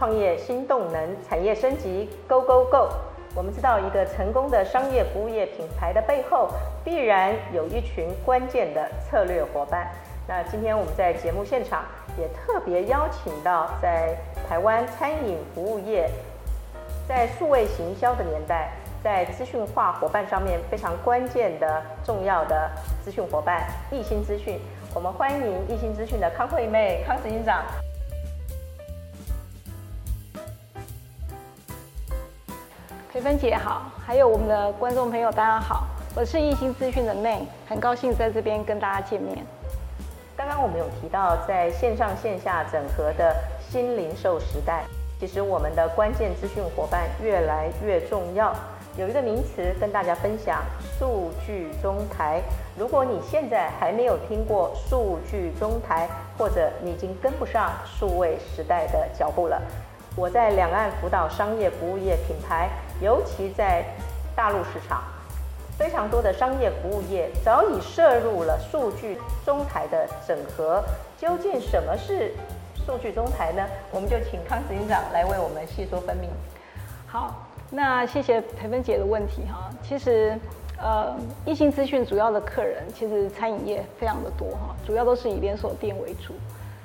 創業新動能，產業升級，Go Go Go！我們知道，一個成功的商業服務業品牌的背後，必然有一群關鍵的策略夥伴。那今天我們在節目現場也特別邀請到在台灣餐飲服務業，在數位行銷的年代，在資訊化夥伴上面非常關鍵的重要的資訊夥伴——益欣資訊。我們歡迎益欣資訊的康惠媚、康執行長。培芬姐好，還有我們的觀眾朋友，大家好，我是益欣資訊的惠媚，很高興在這邊跟大家見面。剛剛我們有提到在線上線下整合的新零售時代，其實我們的關鍵資訊夥伴越來越重要。有一個名詞跟大家分享，數據中台。如果你現在還沒有聽過數據中台，或者你已經跟不上數位時代的腳步了，我在兩岸輔導商業服務業品牌。尤其在大陸市場，非常多的商業服務業早已涉入了數據中台的整合。究竟什麼是數據中台呢？我們就請康執行長來為我們細說分明。好，那謝謝培芬姐的問題哈。其實，呃，益欣資訊主要的客人其實餐飲業非常的多哈，主要都是以連鎖店為主。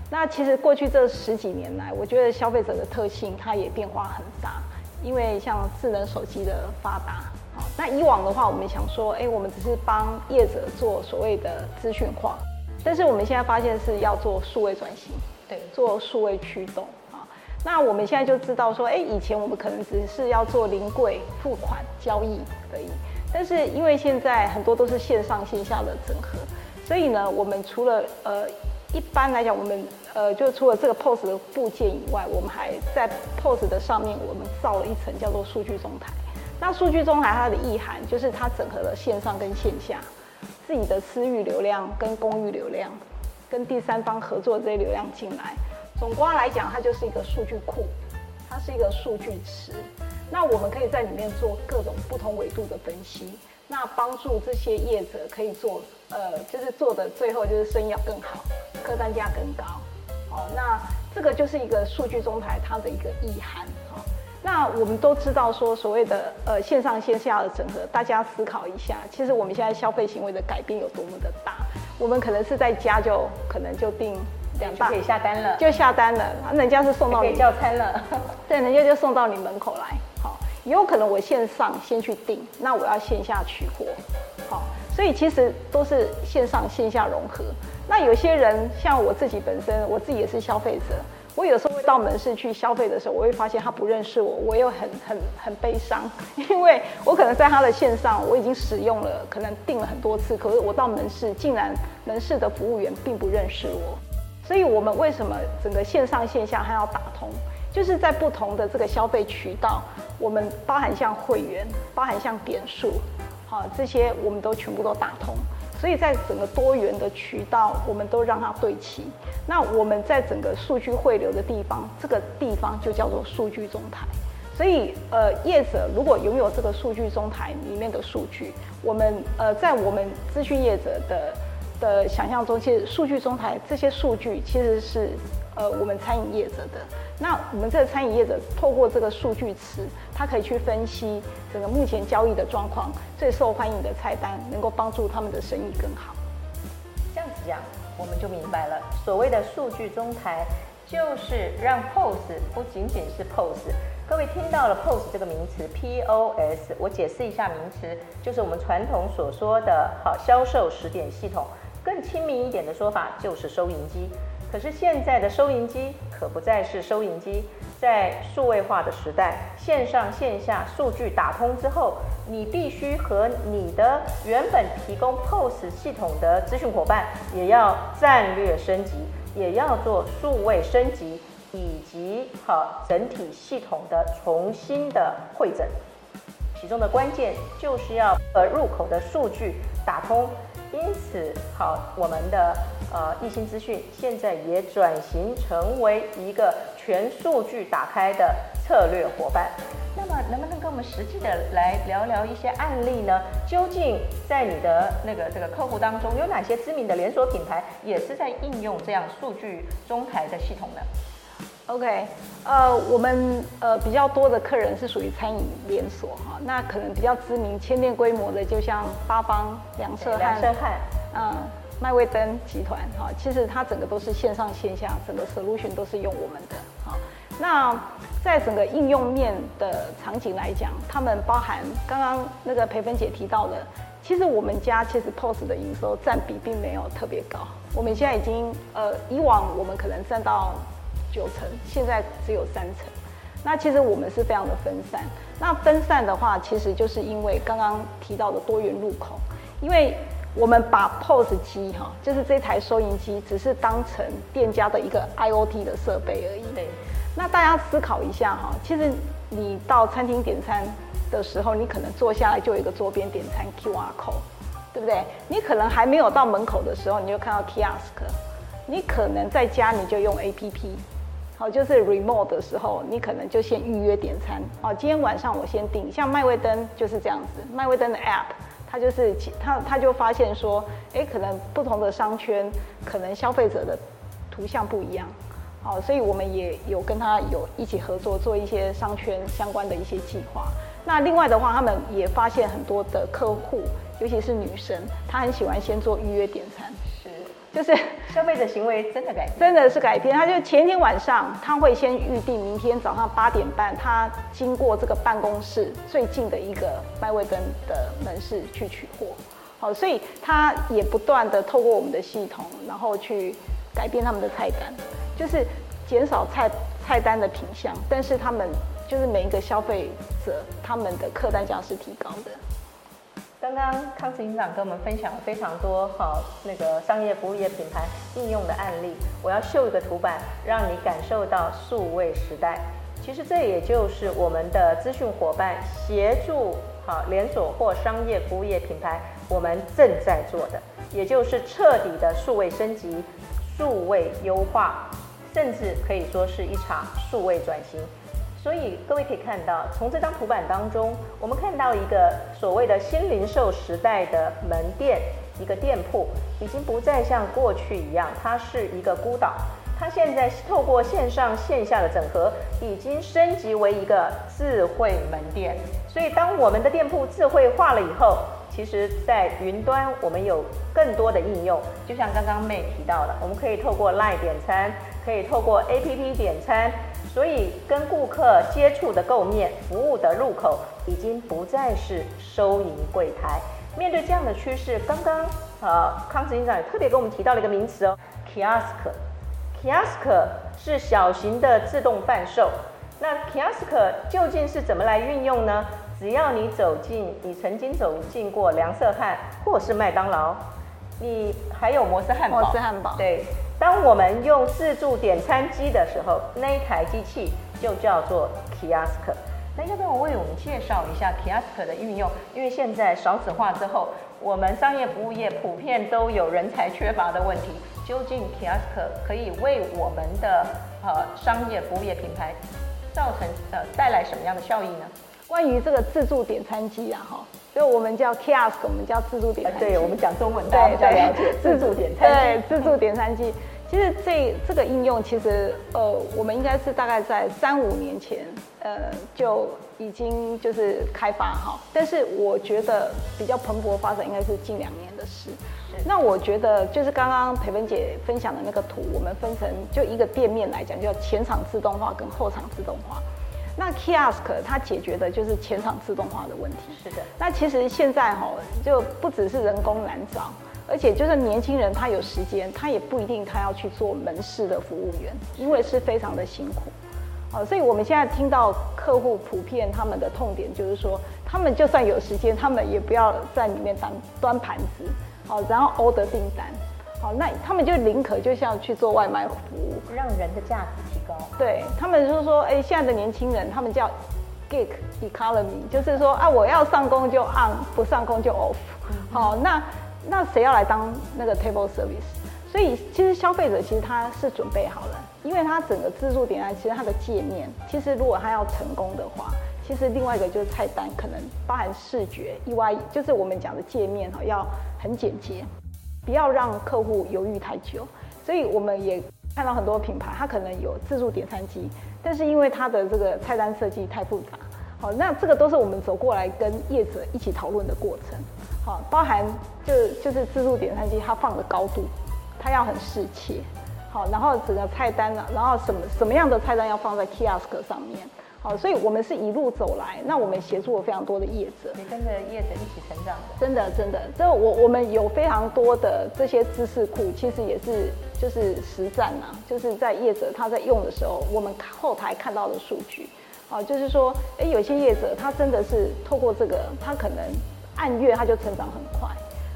那其實過去這十幾年來，我覺得消費者的特性它也變化很大。因為像智能手機的發達，好，那以往的話，我們想說，哎、欸，我們只是幫業者做所謂的資訊化，但是我們現在發現是要做數位轉型，對，做數位驅動啊。那我們現在就知道說，哎、欸，以前我們可能只是要做臨櫃付款交易而已，但是因為現在很多都是線上線下的整合，所以呢，我們除了呃，一般來講，我們。呃，就除了這個 POS 的部件以外，我們還在 POS 的上面，我們造了一層叫做數據中台。那數據中台它的意涵就是它整合了線上跟線下自己的私域流量跟公域流量，跟第三方合作的這些流量進來。總觀來講，它就是一個數據庫，它是一個數據池。那我們可以在裡面做各種不同維度的分析，那幫助這些業者可以做呃，就是做的最後就是生意要更好，客單價更高。好，那這個就是一個數據中台它的一個意涵。好，那我們都知道說所謂的呃線上線下的整合，大家思考一下，其實我們現在消費行為的改變有多麼的大。我們可能是在家就可能就訂，就可以下單了，就下單了，人家是送到你叫餐了， 對，人家就送到你門口來。好，有可能我線上先去訂，那我要線下取貨。好，所以其實都是線上線下融合。那有些人像我自己本身，我自己也是消費者。我有時候會到門市去消費的時候，我會發現他不認識我，我又很很很悲傷，因為我可能在他的線上我已經使用了，可能訂了很多次，可是我到門市竟然門市的服務員並不認識我。所以，我們為什麼整個線上線下還要打通？就是在不同的這個消費渠道，我們包含像會員，包含像點數，好，這些我們都全部都打通。所以在整個多元的渠道，我們都讓它對齊。那我們在整個數據匯流的地方，這個地方就叫做數據中台。所以，呃，業者如果擁有這個數據中台裡面的數據，我們呃，在我們資訊業者的的想象中，其實數據中台這些數據其實是。呃，我們餐飲業者的，那我們這個餐飲業者透過這個數據池，它可以去分析整個目前交易的狀況，最受歡迎的菜單，能夠幫助他們的生意更好。這樣子講，我們就明白了，所謂的數據中台，就是讓 POS 不僅僅是 POS。各位聽到了 POS 這個名詞，P O S，我解釋一下名詞，就是我們傳統所說的，好，銷售時點系統，更親民一點的說法就是收銀機。可是現在的收銀機可不再是收銀機，在數位化的時代，線上線下數據打通之後，你必須和你的原本提供 POS 系統的資訊夥伴也要戰略升級，也要做數位升級，以及好整體系統的重新的會診，其中的關鍵就是要把入口的數據打通，因此好我們的。呃，益欣資訊現在也轉型成為一個全數據打開的策略夥伴。那麼，能不能跟我們實際的來聊聊一些案例呢？究竟，在你的那個這個客戶當中，有哪些知名的連鎖品牌也是在應用這樣數據中台的系統呢？OK，呃，我們呃比較多的客人是屬於餐飲連鎖哈、哦，那可能比較知名、千店規模的，就像八方、良舍漢。嗯。嗯麥威登集團哈，其實它整個都是線上線下，整個 solution 都是用我們的。那在整個應用面的場景來講，他們包含剛剛那個培芬姐提到的，其實我們家其實 POS 的營收占比並沒有特別高，我們現在已經呃，以往我們可能占到九成，現在只有三成。那其實我們是非常的分散。那分散的話，其實就是因為剛剛提到的多元入口，因為。我們把 POS 機哈，就是這台收銀機，只是當成店家的一個 IoT 的設備而已，對。那大家思考一下哈，其實你到餐廳點餐的時候，你可能坐下來就有一個桌邊點餐 QR code，對不對？你可能還沒有到門口的時候，你就看到 kiosk，你可能在家你就用 APP，好，就是 remote 的時候，你可能就先預約點餐哦。今天晚上我先訂，像麥味登就是這樣子，麥味登的 app。他就是他，他就發現說，哎，可能不同的商圈，可能消費者的圖像不一樣，好、哦，所以我們也有跟他有一起合作做一些商圈相關的一些計劃。那另外的話，他們也發現很多的客戶，尤其是女生，她很喜歡先做預約點餐。就是消費者行為真的改，真的是改變。他就前一天晚上，他會先預定明天早上八點半，他經過這個辦公室最近的一個麥味登的門市去取貨。好，所以他也不斷的透過我們的系統，然後去改變他們的菜單，就是減少菜菜單的品項，但是他們就是每一個消費者他們的客單價是提高的。剛剛康執行長跟我們分享了非常多好，那個商業服務業品牌應用的案例。我要秀一個圖板，讓你感受到數位時代。其實這也就是我們的資訊夥伴協助好連鎖或商業服務業品牌，我們正在做的，也就是徹底的數位升級、數位優化，甚至可以說是一場數位轉型。所以各位可以看到，從這張圖板當中，我們看到一個所謂的新零售時代的門店，一個店鋪已經不再像過去一樣，它是一個孤島，它現在透過線上線下的整合，已經升級為一個智慧門店。所以當我們的店鋪智慧化了以後，其實在雲端我們有更多的應用，就像剛剛妹提到的，我們可以透過 LINE 點餐，可以透過 APP 點餐。所以，跟顧客接觸的構面服務的入口已經不再是收銀櫃台。面對這樣的趨勢，剛剛呃康執行長也特別給我們提到了一個名詞哦，kiosk。kiosk 是小型的自動販售。那 kiosk 究竟是怎麼來運用呢？只要你走進，你曾經走進過良色漢或是麥當勞，你還有摩斯漢堡。對。當我們用自助點餐機的時候，那一台機器就叫做 kiosk。那要不要我為我們介紹一下 kiosk 的運用？因為現在少子化之後，我們商業服務業普遍都有人才缺乏的問題。究竟 kiosk 可以為我們的呃商業服務業品牌造成呃帶來什麼樣的效益呢？關於這個自助點餐機啊，哈，所以我們叫 kiosk，我們叫自助點餐機。呃、對，我們講中文大家比較瞭解，自助點餐對，自助點餐機。對其實這這個應用其實呃，我們應該是大概在三五年前呃就已經就是開發哈，但是我覺得比較蓬勃發展應該是近兩年的事。的那我覺得就是剛剛培文姐分享的那個圖，我們分成就一個店面來講，叫前場自動化跟後場自動化。那 Kiosk 它解決的就是前場自動化的問題。是的。那其實現在哈、哦、就不只是人工難找。而且就是年輕人，他有時間，他也不一定他要去做門市的服務員，因為是非常的辛苦，好、哦，所以我們現在聽到客戶普遍他們的痛點就是說，他們就算有時間，他們也不要在裡面當端,端盤子，好、哦，然後 order 訂單，好、哦，那他們就寧可就像去做外賣服務，讓人的價值提高。對他們就說，哎，現在的年輕人他們叫 gig economy，就是說啊，我要上工就 on，不上工就 off，好、嗯哼哦，那。那誰要來當那個 table service？所以其實消費者其實他是準備好了，因為他整個自助點餐其實他的界面，其實如果他要成功的話，其實另外一個就是菜單可能包含視覺，另外就是我們講的界面哈要很簡潔，不要讓客戶猶豫太久。所以我們也看到很多品牌，它可能有自助點餐機，但是因為它的這個菜單設計太複雜。好，那這個都是我們走過來跟業者一起討論的過程。好，包含就就是自助點餐機，它放的高度，它要很適切。好，然後整個菜單啊，然後什麼什麼樣的菜單要放在 kiosk 上面。好，所以我們是一路走來，那我們協助了非常多的業者，你跟着業者一起成長的。真的，真的，這我我們有非常多的這些知識庫，其實也是就是實戰啊，就是在業者他在用的時候，我們後台看到的數據。好，就是說，哎，有些業者他真的是透過這個，他可能。按月它就成長很快，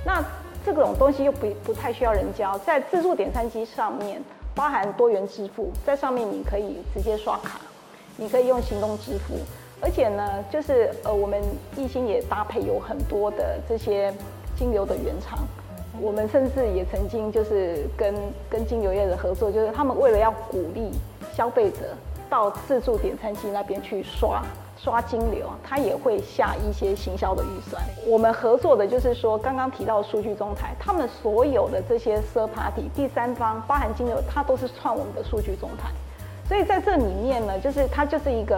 那這種東西又不不太需要人教，在自助點餐機上面包含多元支付，在上面你可以直接刷卡，你可以用行動支付，而且呢，就是呃我們益欣也搭配有很多的這些金流的原廠，我們甚至也曾經就是跟跟金流業的合作，就是他們為了要鼓勵消費者到自助點餐機那邊去刷。刷金流，他也會下一些行銷的預算。我們合作的就是說，剛剛提到的數據中台，他們所有的這些社 party 第三方包含金流，它都是串我們的數據中台。所以在這裡面呢，就是它就是一個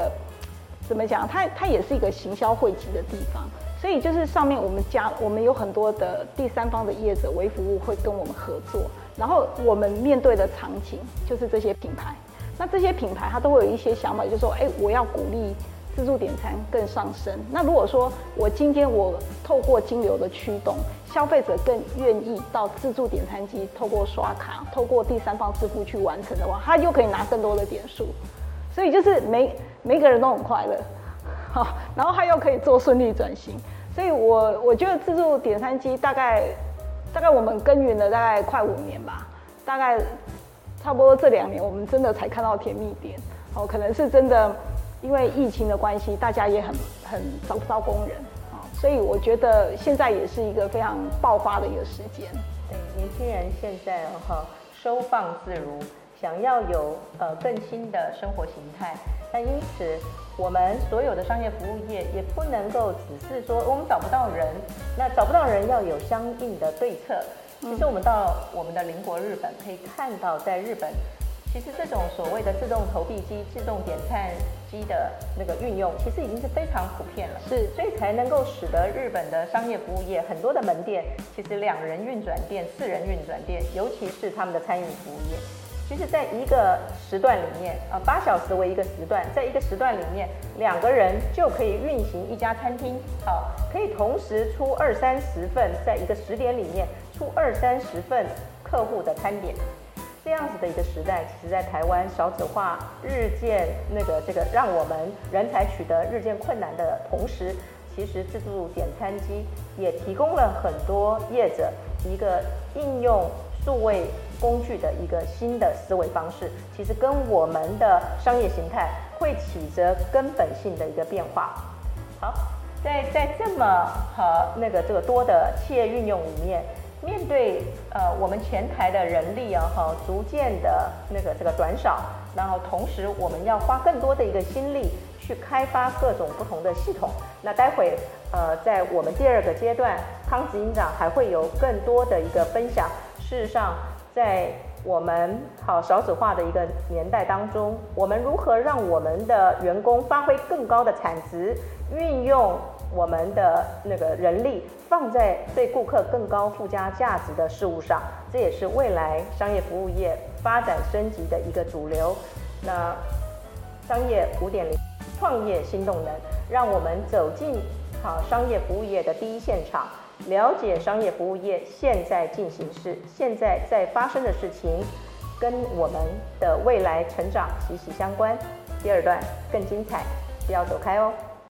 怎麼講，它它也是一個行銷匯集的地方。所以就是上面我們加我們有很多的第三方的業者為服務會跟我們合作，然後我們面對的場景就是這些品牌。那這些品牌它都會有一些想法，就是說，哎，我要鼓勵。自助點餐更上升。那如果說我今天我透過金流的驅動，消費者更願意到自助點餐機，透過刷卡、透過第三方支付去完成的話，他又可以拿更多的點數，所以就是每每個人都很快樂，好，然後他又可以做順利轉型。所以我，我我覺得自助點餐機大概大概我們耕耘了大概快五年吧，大概差不多這兩年，我們真的才看到甜蜜點，哦，可能是真的。因為疫情的關係，大家也很很招不到工人啊，所以我覺得現在也是一個非常爆發的一個時間。對，年輕人現在哈收放自如，想要有呃更新的生活形態。但因此，我們所有的商業服務業也不能夠只是說我們找不到人，那找不到人要有相應的對策。嗯、其實我們到我們的鄰國日本可以看到，在日本。其實這種所謂的自動投幣機、自動點餐機的那個運用，其實已經是非常普遍了。是，所以才能夠使得日本的商業服務業很多的門店，其實兩人運轉店、四人運轉店，尤其是他們的餐飲服務業，其實在一個時段裡面，啊、呃，八小時為一個時段，在一個時段裡面，兩個人就可以運行一家餐廳，好、呃，可以同時出二三十份，在一個時點裡面出二三十份客戶的餐點。這樣子的一個時代，其實在台灣少子化日漸那個這個，讓我們人才取得日漸困難的同時，其實自助點餐機也提供了很多業者一個應用數位工具的一個新的思維方式。其實跟我們的商業形態會起着根本性的一個變化。好，在在這麼和那個這個多的企業運用裡面。面對呃我們前台的人力啊，哈、哦、逐漸的那個這個短少，然後同時我們要花更多的一個心力去開發各種不同的系統。那待會呃在我們第二個階段，康執行長還會有更多的一個分享。事實上，在我們好少、哦、子化的一個年代當中，我們如何讓我們的員工發揮更高的產值，運用我們的那個人力放在對顧客更高附加價值的事物上，這也是未來商業服務業發展升級的一個主流。那商業五點零，創業新動能，讓我們走進好商業服務業的第一現場，了解商業服務業現在進行式，現在在發生的事情，跟我們的未來成長息息相關。第二段更精彩，不要走開哦。